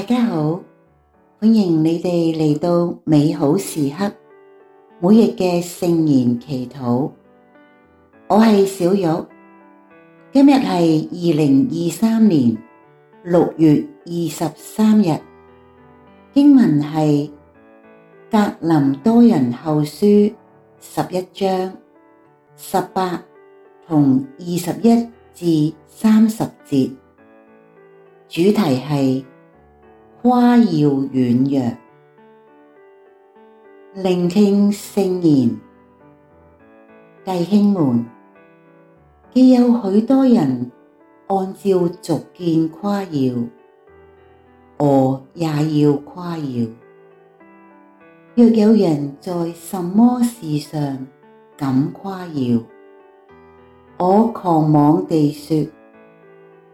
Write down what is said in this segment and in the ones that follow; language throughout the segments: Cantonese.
大家好，歡迎你哋嚟到美好時刻，每日嘅聖言祈禱。我係小玉，今日係二零二三年六月二十三日，經文係格林多人後書十一章十八同二十一至三十節，主題係誇耀軟弱，聆聽聖言，弟兄們，既有許多人按照俗見誇耀，我也要誇耀。若有人在什麼事上敢誇耀，我狂妄地說，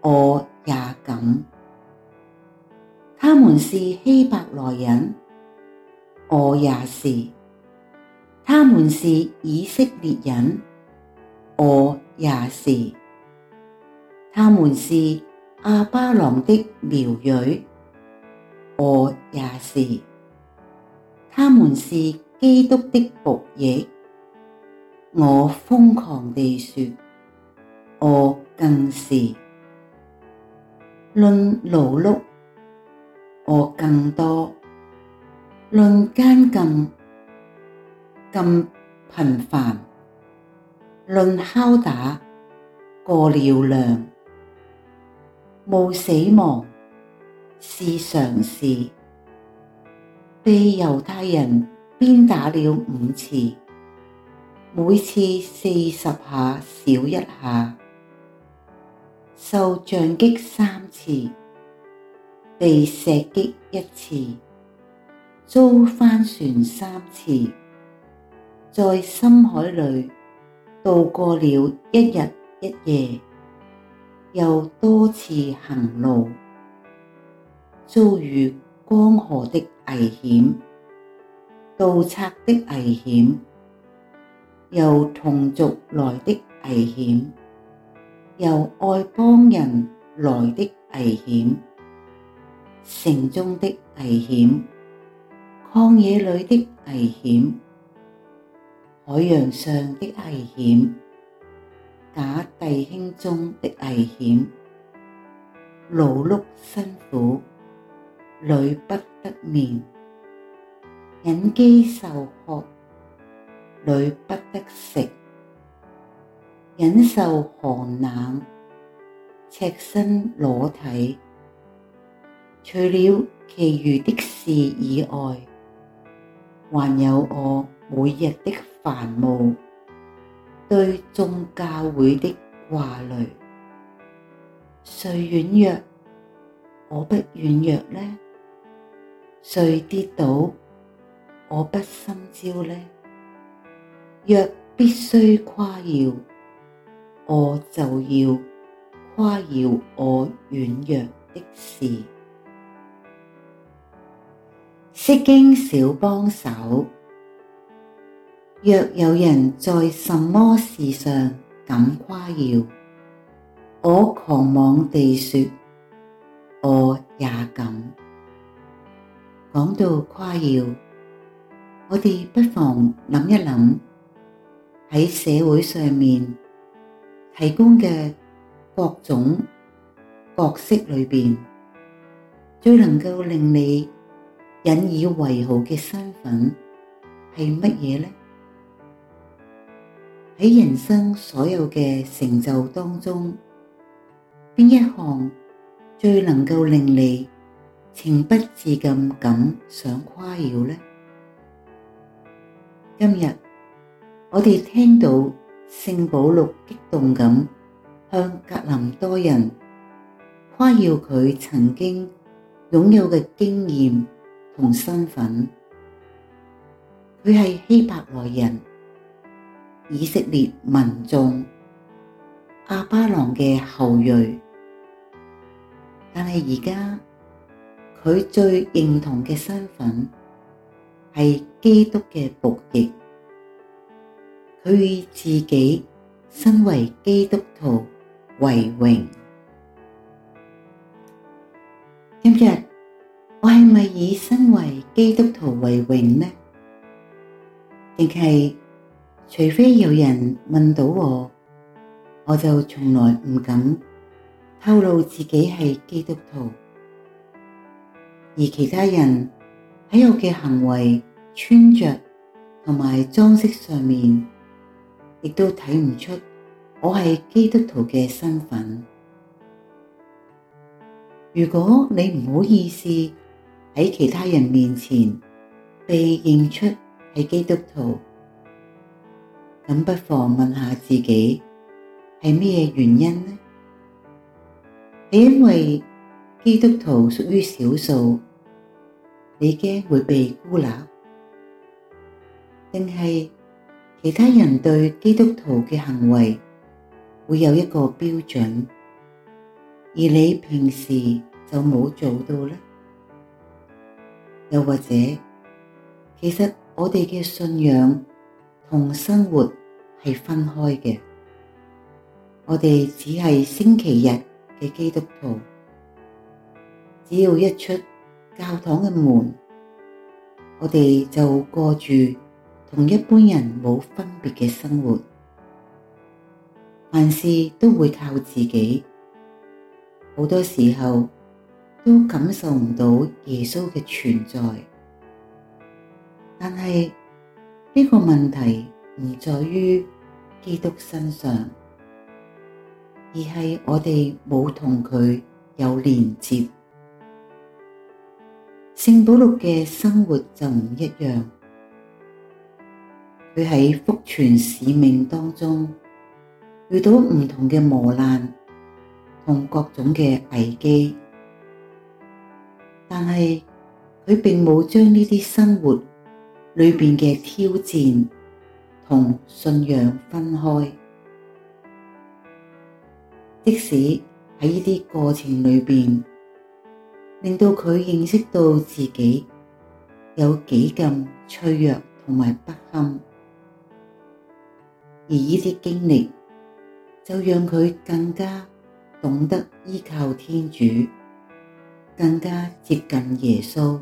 我也敢。他們是希伯來人，我也是；他們是以色列人，我也是；他們是亞巴郎的苗裔，我也是；他們是基督的僕役，我瘋狂地說，我更是。論勞碌，我更多，論監禁，更頻繁，論拷打過了量，冒死亡是常事。被猶太人鞭打了五次，每次四十下少一下，受杖擊三次。被石擊一次，遭翻船三次，在深海裏度過了一日一夜，又多次行路，遭遇江河的危險，盜賊的危險，由同族來的危險，由外邦人來的危險。城中的危險，曠野裏的危險，海洋上的危險，假弟兄中的危險，勞碌辛苦，屢不得眠，忍飢受渴，屢不得食，忍受寒冷，赤身裸體。除了其餘的事以外，還有我每日的繁務，對眾教會的掛慮。誰軟弱，我不軟弱呢？誰跌倒，我不心焦呢？若必須誇耀，我就要誇耀我軟弱的事。釋經小幫手，若有人在什麼事上敢誇耀，我狂妄地說，我也敢。講到誇耀，我哋不妨諗一諗，喺社會上面提供嘅各種角色裏邊，最能夠令你引以為豪嘅身份係乜嘢呢？喺人生所有嘅成就當中，邊一項最能夠令你情不自禁咁想誇耀呢？今日我哋聽到聖保祿激動咁向格林多人誇耀佢曾經擁有嘅經驗。同身份，佢係希伯來人、以色列民眾、亞巴郎嘅後裔，但係而家佢最認同嘅身份係基督嘅僕役，佢以自己身為基督徒為榮。今日。我係咪以身為基督徒為榮呢？定係除非有人問到我，我就從來唔敢透露自己係基督徒。而其他人喺我嘅行為、穿着同埋裝飾上面，亦都睇唔出我係基督徒嘅身份。如果你唔好意思，喺其他人面前被認出係基督徒，咁不妨問下自己，係咩原因呢？係因為基督徒屬於少數，你驚會被孤立，定係其他人對基督徒嘅行為會有一個標準，而你平時就冇做到呢？又或者，其實我哋嘅信仰同生活係分開嘅。我哋只係星期日嘅基督徒，只要一出教堂嘅門，我哋就過住同一般人冇分別嘅生活，凡事都會靠自己。好多時候，都感受唔到耶穌嘅存在，但係呢個問題唔在於基督身上，而係我哋冇同佢有連接。聖保祿嘅生活就唔一樣，佢喺福傳使命當中遇到唔同嘅磨難同各種嘅危機。但係佢並冇將呢啲生活裏邊嘅挑戰同信仰分開，即使喺呢啲過程裏邊，令到佢認識到自己有幾咁脆弱同埋不堪，而呢啲經歷就讓佢更加懂得依靠天主。更加接近耶穌，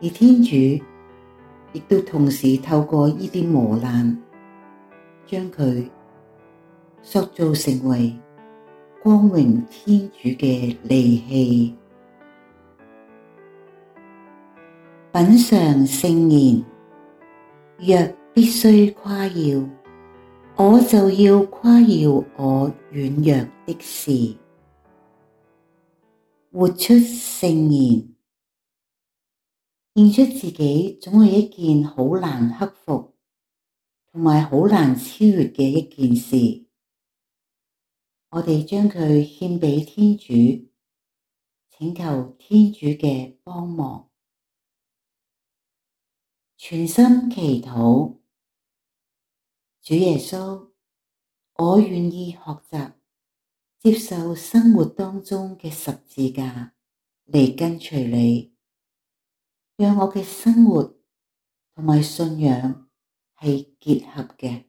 而天主亦都同時透過呢啲磨難，將佢塑造成為光榮天主嘅利器。品嚐聖言，若必須誇耀，我就要誇耀我軟弱的事。活出聖言，認出自己，總係一件好難克服同埋好難超越嘅一件事。我哋將佢獻畀天主，請求天主嘅幫忙，全心祈禱。主耶穌，我願意學習。接受生活當中嘅十字架嚟跟隨你，讓我嘅生活同埋信仰係結合嘅。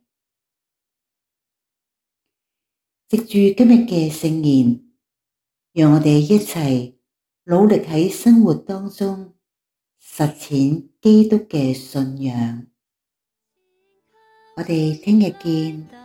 藉住今日嘅聖言，讓我哋一齊努力喺生活當中實踐基督嘅信仰。我哋聽日見。